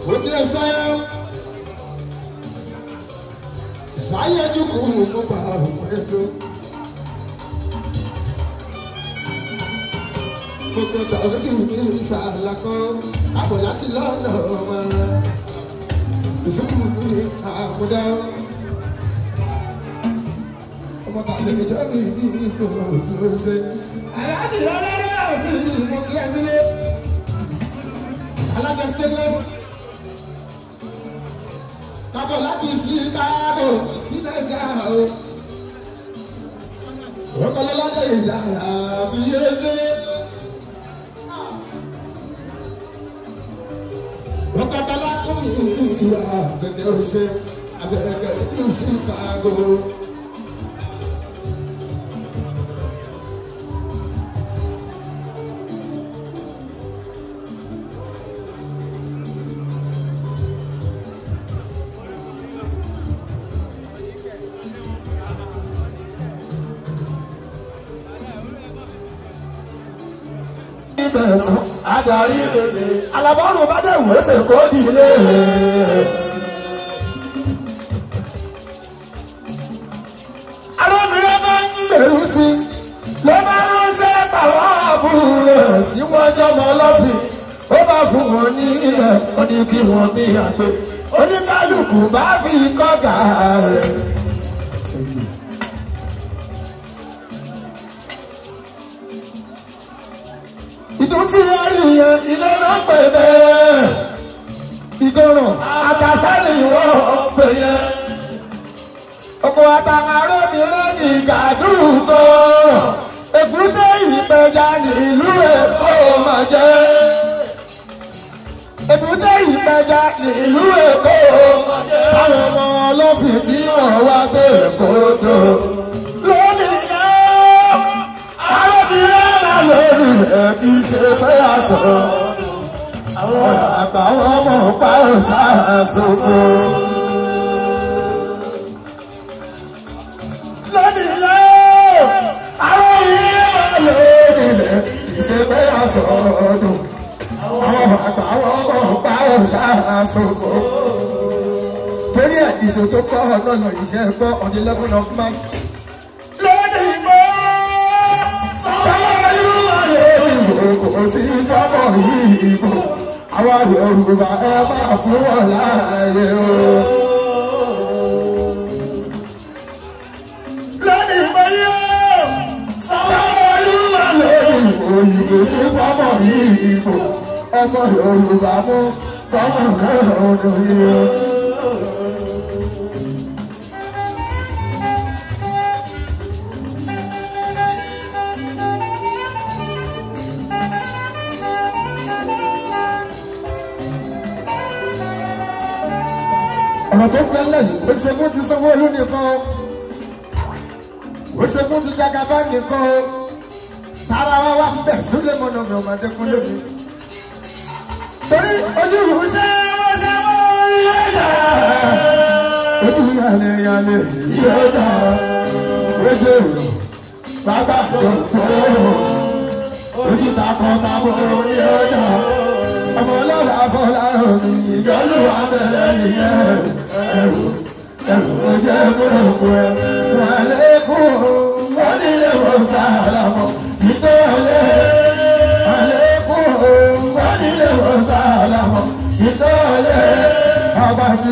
Put yourself. Saya juga mau bahu itu. Mo tẹ sọ̀rọ̀ kí n bí ìsàlà kan, káàbọ̀ láti lọ́nà ọmọ. Ìsìnkú mi àkúdá. Ọmọ tàbí ìjọ mi ní ìlú òdòdó. Aláàtì lọ́lọ́rọ́ sí ìlú ìmọ̀kíyà sílé. Aláṣẹ stainless kàtó láti ṣíṣàdó sí nàìjíríà o. Rọ́kọ̀lọ́ládé ìdáyà àti Yéṣé. Rọ́kọ̀tàlákùn ìyá àgbẹ̀dẹ̀ òṣè àgbẹ̀dẹ̀ ìṣúṣàgò. bẹ̀rù adarí rere alábọ́rùn bá dẹ̀ wò ó ṣe kó di ilé. arábìnrin bá ń gbèrú sí ló bá ránṣẹ́ pàwọ́ àbúrò sí wọ́n jọmọ lọ́sìn ó bá fún wọn ní ilẹ̀ ó ní kí wọ́n ní àgbẹ̀ oníkálukú bá fi kọ́ gàá rẹ̀. ìdún tí a rí yẹn ilé náà pè bẹ́ẹ̀ ìgòrùn àtàsánì ìwọ pè yẹn ọkọ̀ àtàkàrọ̀ mi rẹ̀ ní ìgàdúgbò ègúndé ìpẹja ní ìlú Èkó mà jẹ́ ègúndé ìpẹja ní ìlú Èkó táwọn ọmọ ọlọ́fíìsì wọn wá dé Èkó dò. ti ṣe fẹ́ àṣọ. Àwọn àgbà wọn mọ̀ pa òṣàṣoṣo. Lónìí lọ, àwọn ilé máa lè nílẹ̀ ṣe fẹ́ àṣọ ọdún. Àwọn àgbà wọn mọ̀ pa Torí ẹ̀ ìdò tó kọ́ ọ ìṣẹ́ ẹ̀kọ́ on the level of mass. kò sí fọ́mọ̀ yìí ìbò àwa Yorùbá ẹ máa fún wọn láàyè o. lónìí mo yọ sáwọn Yorùbá lónìí òyìnbó sí fọ́mọ̀ yìí ìbò ọmọ Yorùbá mú gbọ́mọ̀ náà ọdún yìí o. ọ̀rọ̀ tó fẹ́ lẹ́yìn kò ṣe fún sí sanwó-olú nìkan o kò ṣe fún sí jagaba nìkan o tara wa wá ń bẹ̀ sílé mọ́nà mi ọmọdé fún lómi. torí ojú ìwú ṣe wọ́n ṣe wọ́n yóò dà ojú yàlẹ̀ yàlẹ̀ yóò dà ojú ìwú bàbá àjọ kọ́ ojú takọ̀tàbọ̀ yóò dà afọláhàn mi ìjọ́lù abẹ́rẹ́ yìí ẹ̀rù ẹ̀rù mo ṣe kúrò